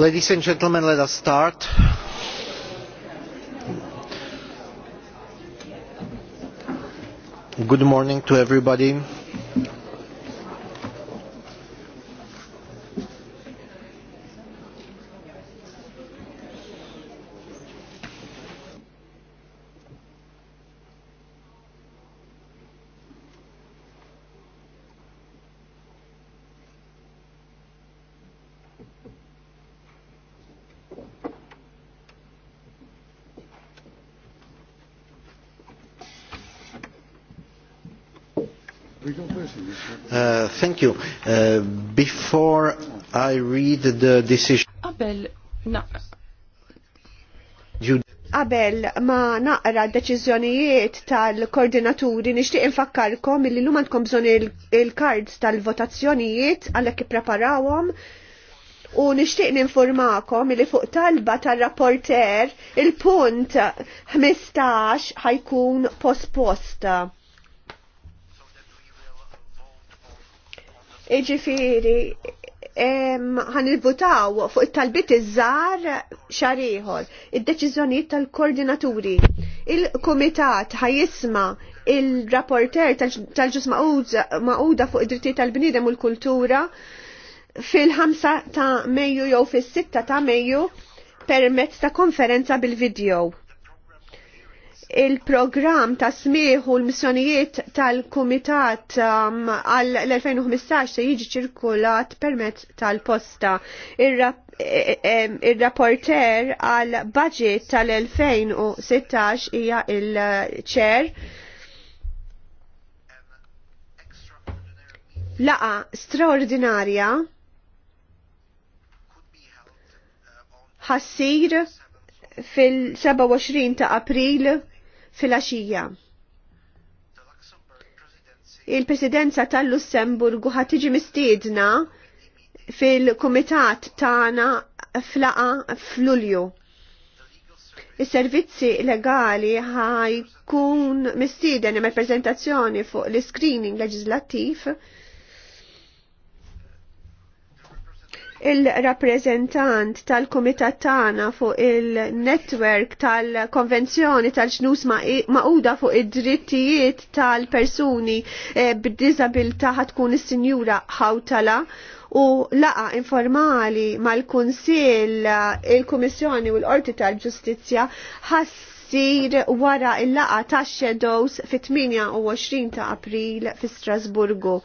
Ladies and gentlemen, let us start. Good morning to everybody. Uh, before I read the decision. Qabel na Abel, ma naqra deċiżjonijiet tal-koordinaturi nixtieq infakkarkom li lum għandkom bżonn il il tal-votazzjonijiet għalhekk ippreparawhom u nixtieq ninformakom li fuq talba tar-rapporter il-punt 15 ħajkun posposta. Iġifiri, għan il-votaw fuq it-talbit iż-żar xarieħor, id-deċiżjonijiet tal-koordinaturi. Il-komitat ħajisma il-rapporter tal-ġus maquda fuq id-drittijiet tal-bniedem u l-kultura fil-5 ta' Mejju jew fis-6 ta' Mejju permezz ta' konferenza bil-video il-program ta' u l-missjonijiet tal-Kumitat um, għal-2015 se jiġi ċirkulat permezz tal-posta. E- e- il-rapporter għal-budget tal-2016 hija il-ċer. Laqa straordinarja ħassir fil-27 ta' april fil-axija. Il-presidenza tal-Lussemburgu ħatiġi mistiedna fil-kumitat tagħna flaqa f'Lulju. Is-servizzi legali ħajkun mistieden imma prezentazzjoni fuq l-screening leġislattiv il-rappresentant tal-komitat tagħna fuq il-netwerk tal-konvenzjoni tal-ġnus maquda fuq id-drittijiet tal-persuni eh, b'diżabilità tkun is-sinjura Hawtala u laqa informali mal-Kunsill il-Kummissjoni u l-Qorti tal-Ġustizzja ħassir wara il-laqa tax-Shadows fit-28 ta' April fi Strasburgu.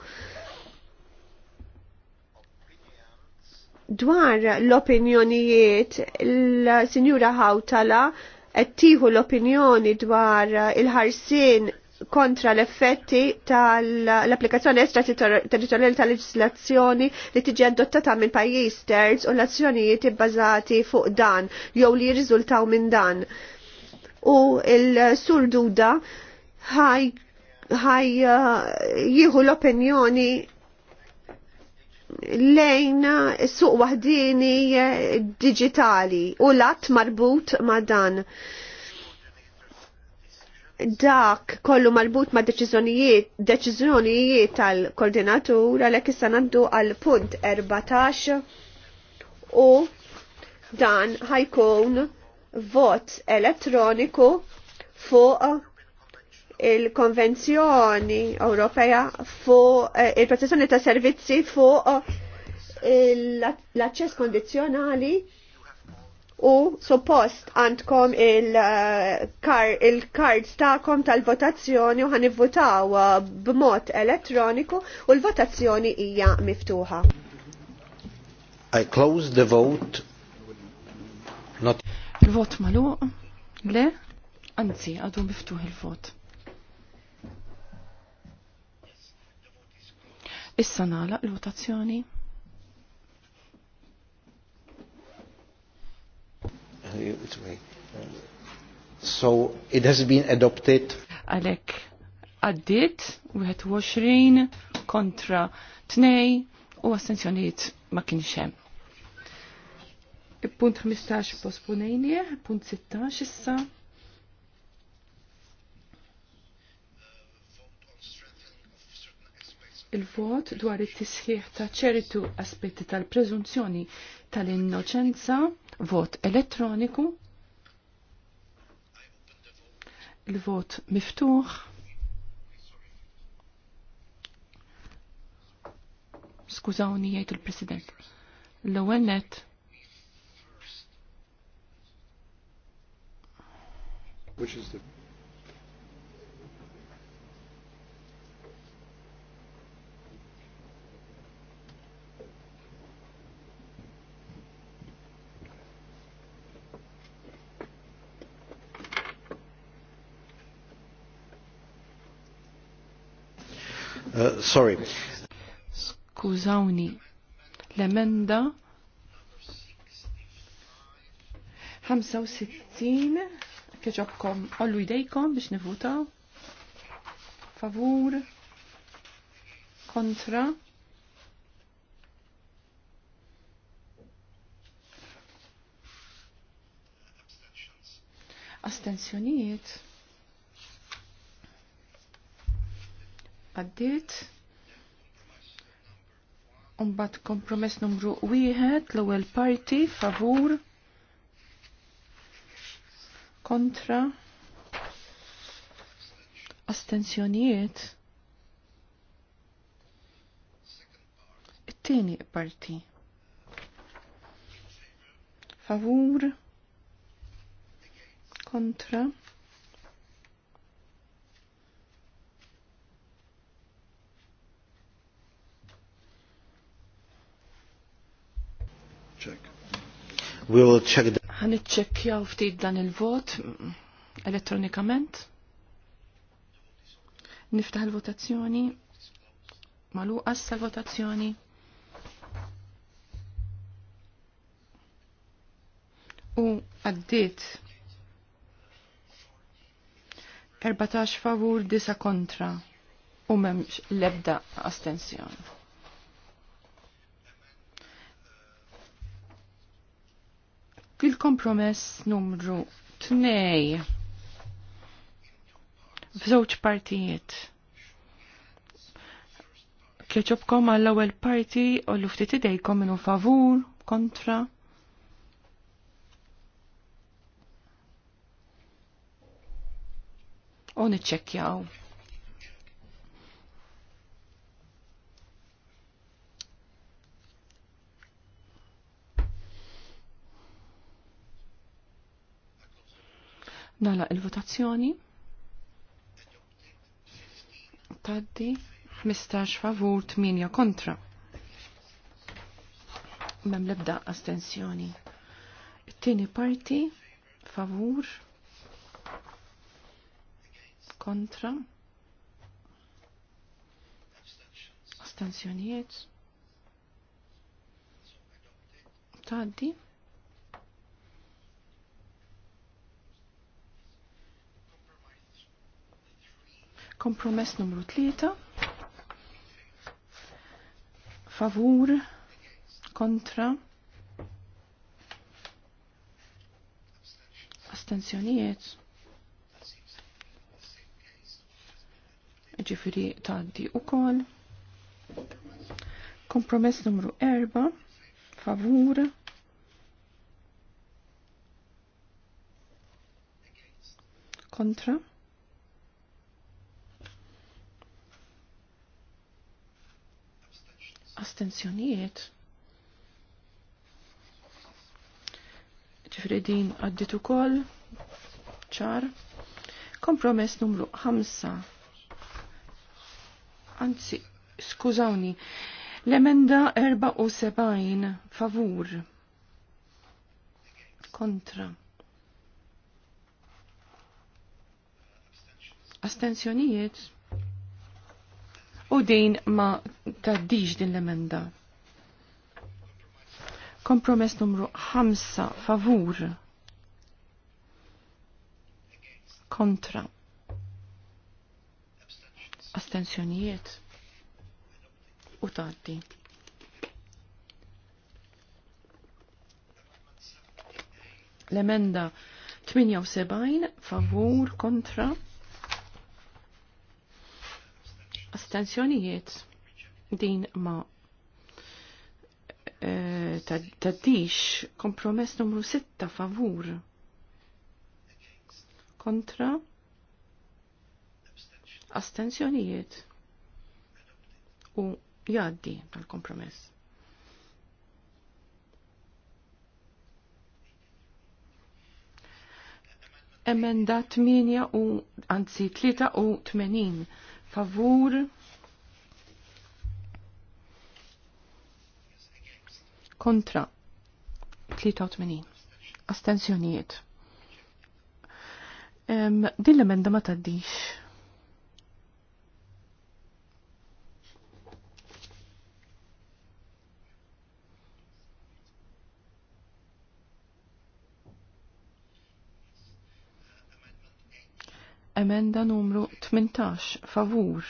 Dwar l-opinjonijiet, l-Sinjura Hawtala tieħu l-opinjoni dwar il-ħarsin kontra l-effetti tal-applikazzjoni estraterritorjali tal-leġislazzjoni li tiġi adottata minn pajjiż terz u l-azzjonijiet ibbażati fuq dan jew li jirriżultaw minn dan. U l-sur Duda ħaj uh, jieħu l-opinjoni lejn suq wahdini eh, digitali u lat marbut ma' dan dak kollu marbut ma' deċiżjonijiet deċizjonijiet tal-koordinatur għalhekk issa ngħaddu għal punt 14 u dan ħajkun vot elettroniku fuq il-Konvenzjoni Ewropea fu eh, il-protezzjoni ta' servizzi fuq eh, l-aċċess kondizzjonali u suppost għandkom il-kards il eh, ta'kom tal-votazzjoni u ħanivvotaw b'mod elettroniku u l-votazzjoni hija miftuħa. I close the vote. Not... Il-vot malu? Le? Anzi, għadu miftuħ il-vot. Issa nagħlaq il votazzjoni So it has been adopted. Alek għaddit 21 kontra 2 u assenzjonijiet ma kienx hemm. Punt 15 il punt 16 issa. il-vot dwar it-tisħiħ ta' ċertu aspetti tal-prezunzjoni tal-innoċenza, vot elettroniku, il-vot miftuħ, skużawni jgħid il-President. L-ewwel net Which is the Sorry, uh, sorry. Skużawni, l-emenda 65 keċokkom ollu idejkom biex nivuta. favur kontra astensjonijiet għaddit. Umbat kompromess numru wieħed l-ewwel parti favur kontra astensjonijiet. It-tieni parti favur kontra We will check the... Għanitċekjaw ftit dan il-vot elettronikament. Niftaħ il-votazzjoni. Malu għassa votazzjoni. U għaddit 14 favur 10 kontra u memx lebda astensjoni. Il-kompromess numru 2. F'żewġ partijiet. Keċobkom għall-ewwel parti u l-ftit idejkom minnu favur, kontra. U niċċekkjaw. Nala il-votazzjoni. Taddi 15 favur 8 kontra. Mem lebda astensjoni. Tini parti favur kontra astensjonijiet. Taddi Kompromess numru 3. Favur kontra astensjonijiet. Ġifiri taddi u kol. Kompromess numru 4. Favur kontra astenzjonijiet. Ġifri din għaddit ukoll ċar. Kompromess numru 5. Anzi, skużawni, l-emenda 74 favur kontra. Astenzjonijiet u din ma taddiġ din l-emenda. Kompromess numru 5 favur kontra astensjonijiet u taddi. L-emenda 78 favur kontra astensjonijiet din ma eh, taddix kompromess numru 6 favur kontra astensjonijiet u jaddi tal-kompromess. Emenda 8 u anzi 83 favur kontra 83 astenzjonijiet. din l-emenda ma taddix. Emenda numru 18, favur.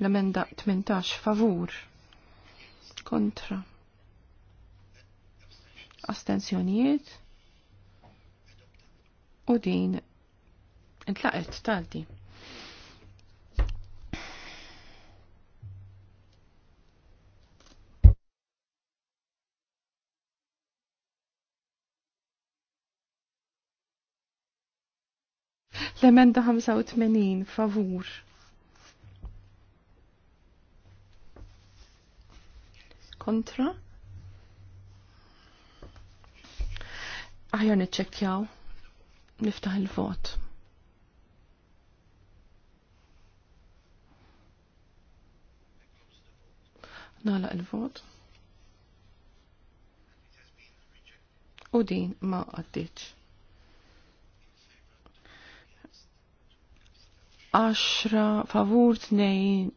L-emenda 18 favur kontra astensjonijiet u din intlaqet taldi. L-emenda 85 favur kontra. Aħjar niċċekkjaw. Niftaħ il-vot. Nala il-vot. U din ma għaddiċ. 10 favur 2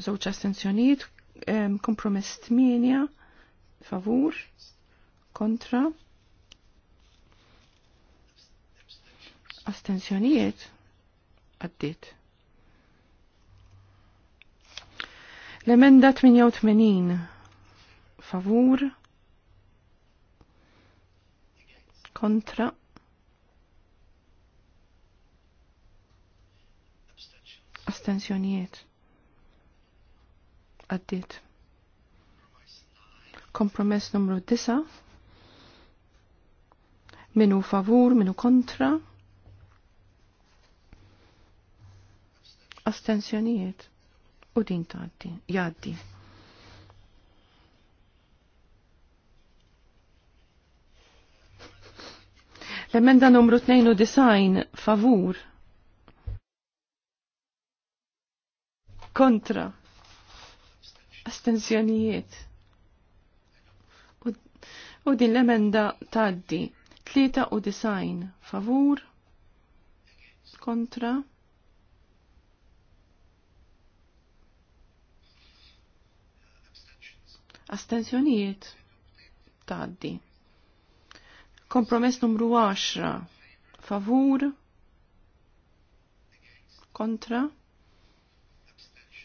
żewġ astenzjonijiet, kompromess t-minja, favur kontra astenzjonijiet għaddit. L-emenda 88 favur kontra astenzjonijiet għaddiet. Kompromess numru 9. Minu favur, minu kontra. Astenzjonijiet. U din tgħaddi, Jaddi. L-emenda numru 92 favur. Kontra astenzjonijiet. U din l-emenda taddi 93 favur kontra astenzjonijiet taddi. Kompromess numru 10 favur kontra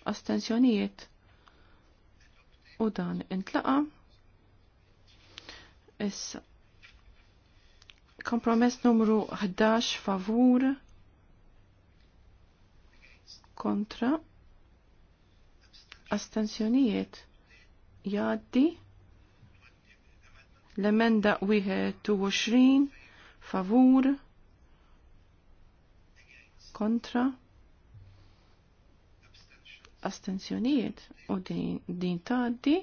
astenzjonijiet u dan intlaqa. Issa. Kompromess numru 11 favur kontra astensjonijiet jaddi l-emenda 22 favur kontra astenzjonijiet u din, taddi.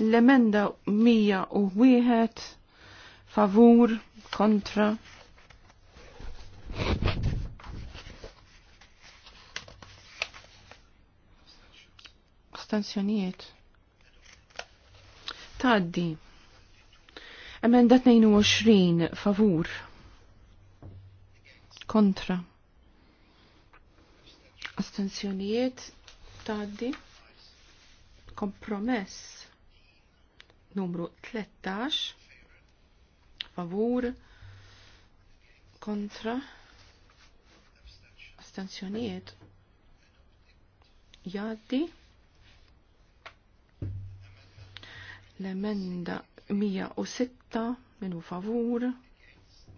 L-emenda Mija u wieħed favur kontra astenzjonijiet. Taddi. Emenda 22 favur kontra astensjonijiet taddi kompromess numru 13 favur kontra astensjonijiet jaddi l-emenda 106 minu favur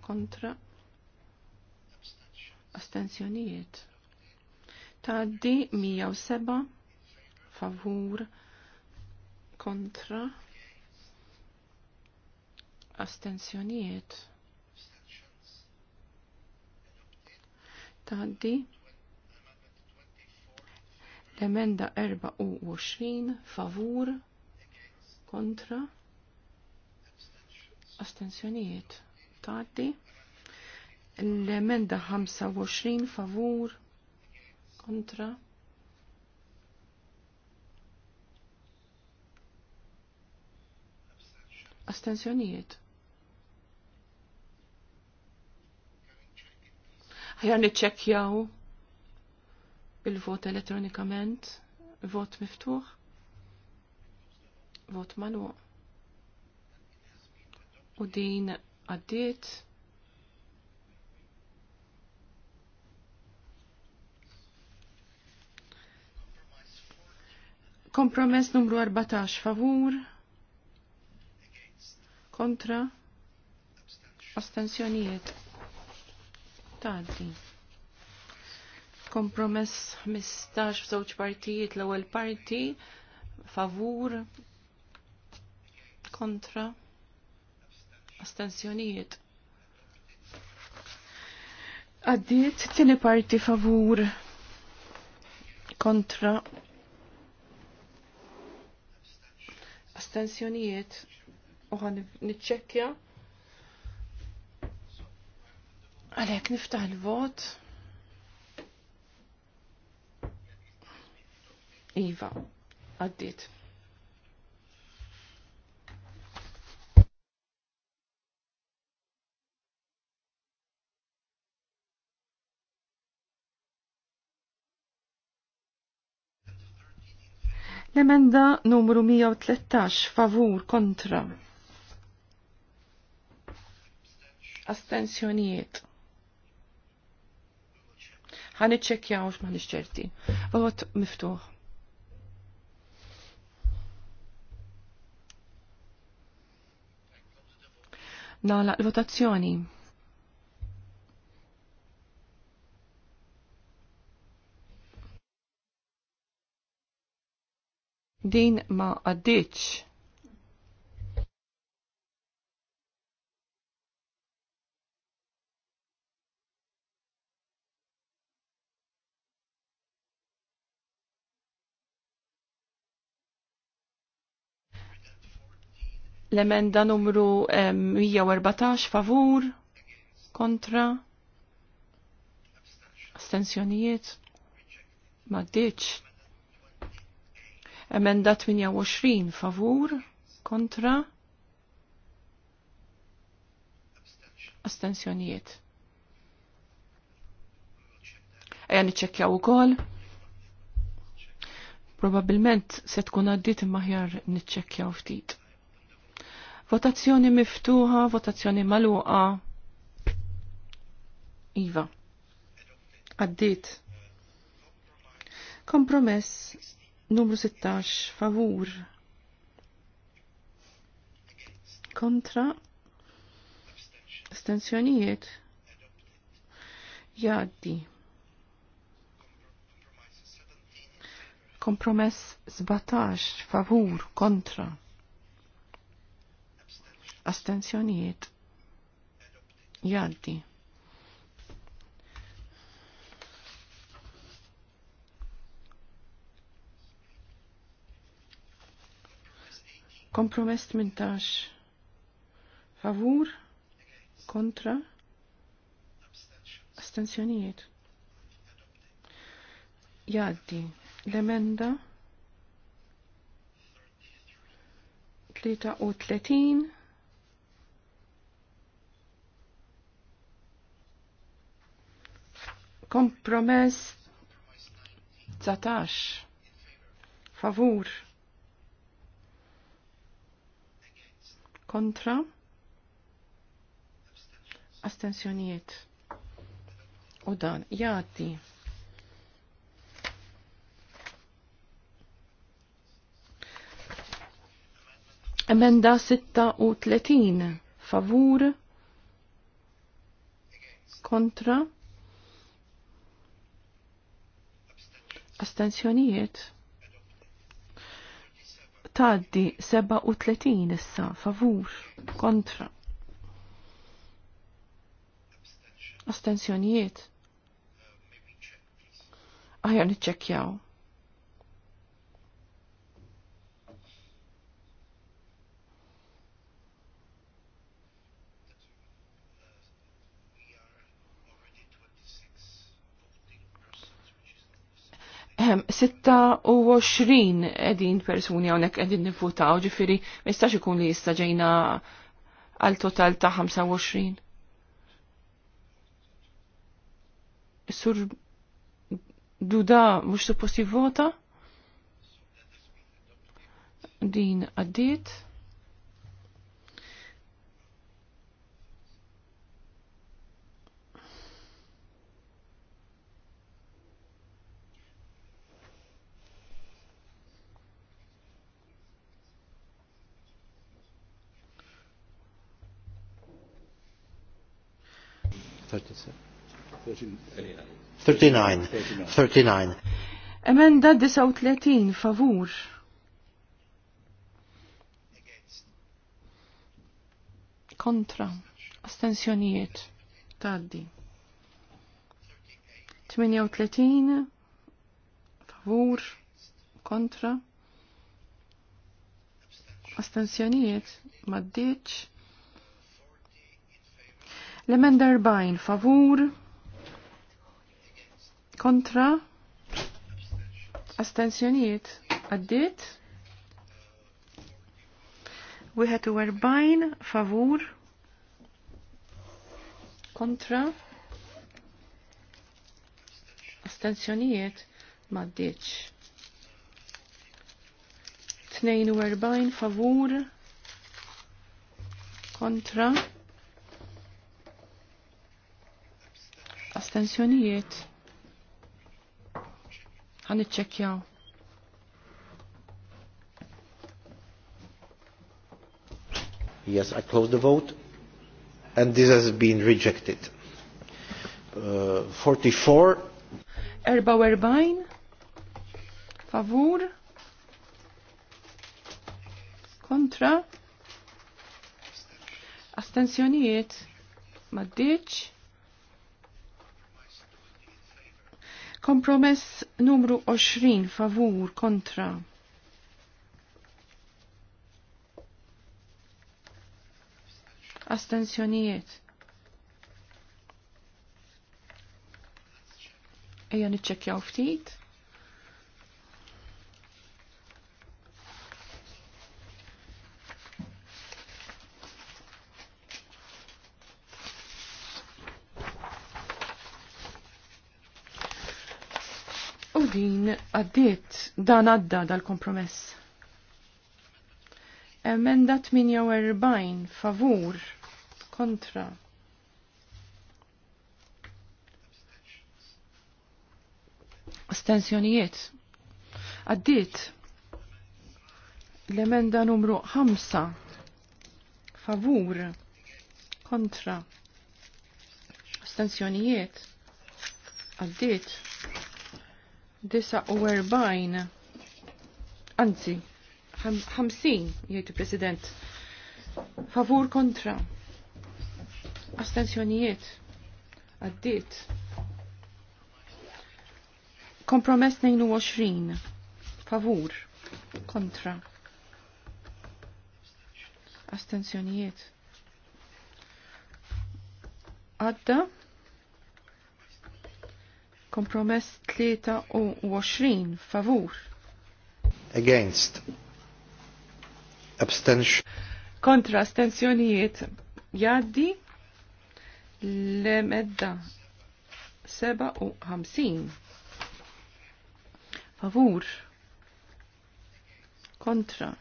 kontra astensjonijiet Taddi 107 favur kontra astensjonijiet. Taddi l-emenda 24 favur kontra astensjonijiet. Taddi l-emenda 25 favur kontra. Astenzjonijiet. Għajan niċċekkjaw il-vot elettronikament, vot miftuħ, vot manu. U din għaddiet Kompromess numru 14 favur. Kontra. Astensjonijiet. Tadi. Kompromess 15 f'żewġ partijiet l-ewwel parti favur kontra astensjonijiet. Għaddiet tieni parti favur kontra astensjonijiet uħan nitċekja. Għalek niftaħ il-vot. Iva, għaddit. Emenda numru 113 favur kontra. Astenzjonijiet. Ħan iċċekjaw ma nixċerti. Vot miftuħ. Nala l-votazzjoni. din ma għaddiċ. L-emenda numru 114 favur kontra astensjonijiet ma ddiċ Emenda 28 favur kontra astensjonijiet. Eja niċċekkjaw ukoll. Probabilment se tkun għaddit maħjar niċċekkjaw ftit. Votazzjoni miftuħa, votazzjoni maluqa. Iva. Għaddit. Kompromess Numru 16, favur. Kontra. Stenzjonijiet. Jaddi. Kompromess 17, favur, kontra. Astenzjonijiet. Jaddi. Kompromess 18. Favur? Kontra? Astenzjonijiet. Jaddi. L-emenda 33 Kompromess 19 Favur kontra Astenzjonijiet. u dan jati. Emenda 36 favur kontra astensjonijiet tgħaddi 37 issa favur kontra. Astenzjonijiet. Aħjar niċċekjaw. 26 ehm, edin persuni għonek edin nifutaw ġifiri, mistax ikun li jistaġejna għal total ta' 25. Sur Duda mux supposti vota? Din għaddit? 39. Emenda 39 favur. Kontra. Astensjonijiet. Taddi. 38 favur kontra astensjonijiet maddiċ L-emenda Kontra, favur kontra wieħed u erbajn, favur kontra astensjonijiet maddiċ 42 favur kontra astensjonijiet għan iċċekjaw. Yes, I close the vote and this has been rejected. Uh, 44 Erba u erbajn. favur kontra astensjonijiet maddiċ Kompromess numru 20 favur kontra. Astenzjonijiet. Ejja niċċekkjaw ftit. għaddiet dan għadda dal-kompromess. Emenda 48 favur kontra. Astensjonijiet. Għaddiet l-emenda numru 5 favur kontra. Astensjonijiet. Għaddiet 49 anzi 50 jgħid president favur kontra astensjonijiet għaddiet kompromess 22 favur kontra astensjonijiet għadda Kompromess 23 favur. Against. Abstention. Kontra astensjonijiet jaddi l-medda 57. Favur. Kontra.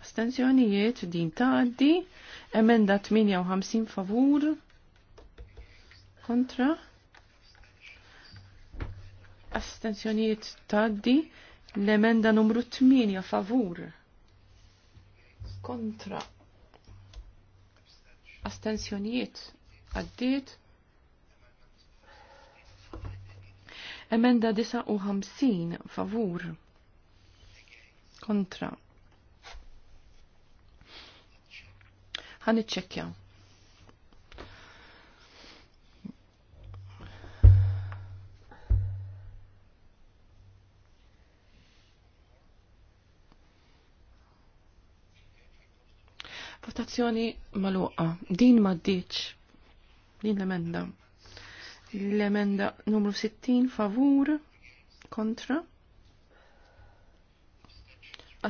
Astenzjonijiet din taddi. Emenda 58 favur. Kontra astenzjonijiet taddi l-emenda numru 8 favur kontra astensjonijiet għaddiet emenda 59 favur kontra ħan iċċekkja. Votazzjoni maluqa. Din ma ddiċ. Din l-emenda. L-emenda numru 60 favur kontra.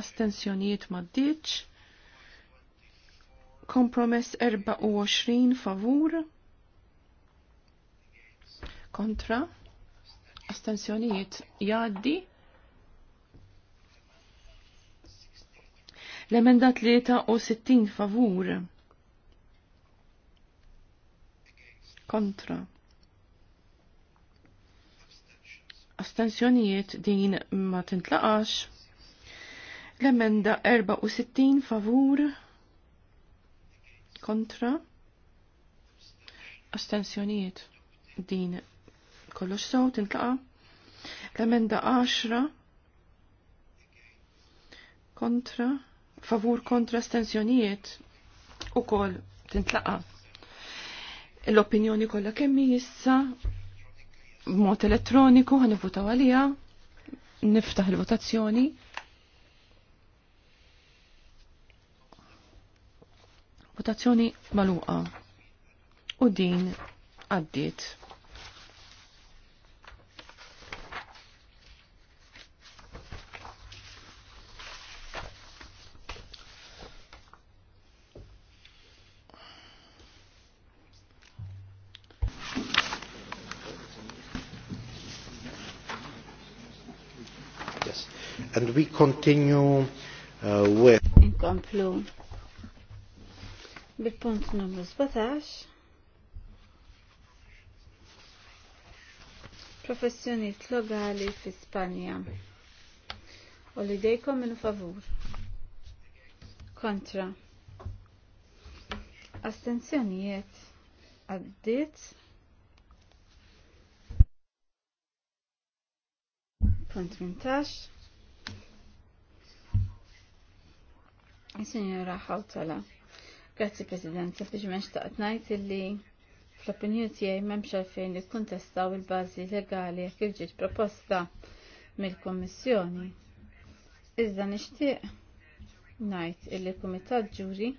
Astensjonijiet ma ddiċ. Kompromess 24 favur kontra astensjonijiet jaddi L-emenda 63 favur. Kontra. Astensjonijiet din ma tintlaqax. L-emenda 64 favur. Kontra. Astensjonijiet din kollox sew tintlaqa. L-emenda 10 kontra favur kontra stenzjonijiet u kol tintlaqa. L-opinjoni kollha kemmi jissa b'mod elettroniku votaw għalija, niftaħ il-votazzjoni. Votazzjoni maluqa. U din għaddiet. and we continue uh, with Inkomplu bil-punt numru 17 professjoniet logali fi Spanja u li dejkom minn favur kontra astenzjonijiet għaddit punt 18 Signora Hautala, grazzi Presidenza, biex xtaqt ngħid illi fl opinju tiegħi memx għalfejn li kontestaw il-bażi legali jekk il proposta mill komissjoni Iżda nixtieq ngħid illi kumitat ġuri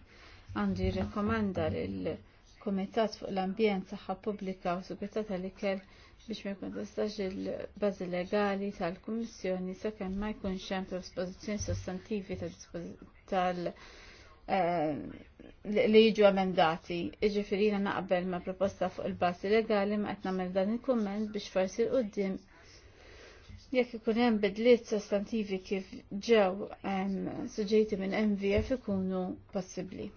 għandu jirrekomanda lill kumitat fuq l-ambjent saħħa Publika u sigurtà tal-ikel biex ma jkontestax il-bazi legali tal-Kummissjoni sakemm ma jkunx hemm prospożizzjoni sostantivi tal- eh, li jiġu emendati. Iġifieri jiena naqbel ma' proposta fuq il-bażi legali ma qed nagħmel dan il-kumment biex forsi l qudiem jekk ikun hemm bidliet sostantivi kif ġew suġġejti minn MVF ikunu possibbli.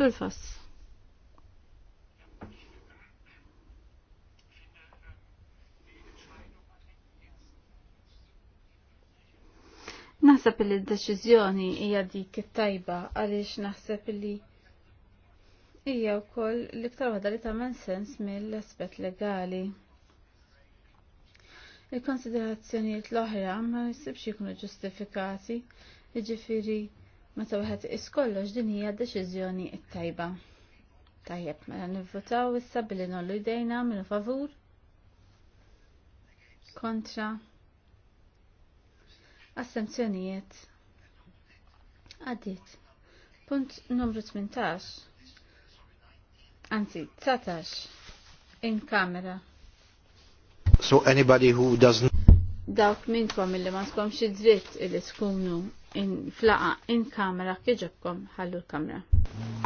Sulfas. Naħseb li d-deċiżjoni hija dik it-tajba għaliex naħseb li hija wkoll l-iktar waħda li tagħmel sens mill-aspett legali. Il-konsiderazzjonijiet l-oħra ma jsibx jkunu ġustifikati, jiġifieri Meta wieħed iskollox din hija deċiżjoni tajba. Tajjeb, mela nivvotaw issa billi nollu jdejna minn favur. Kontra. Assenzjonijiet. Għaddit. Punt numru 18. Anzi, 19. In kamera. So anybody who doesn't dawk minnkom illi ma skomx dritt illi skumnu In flaqa in kamera kieġobkom ħallu l-kamera.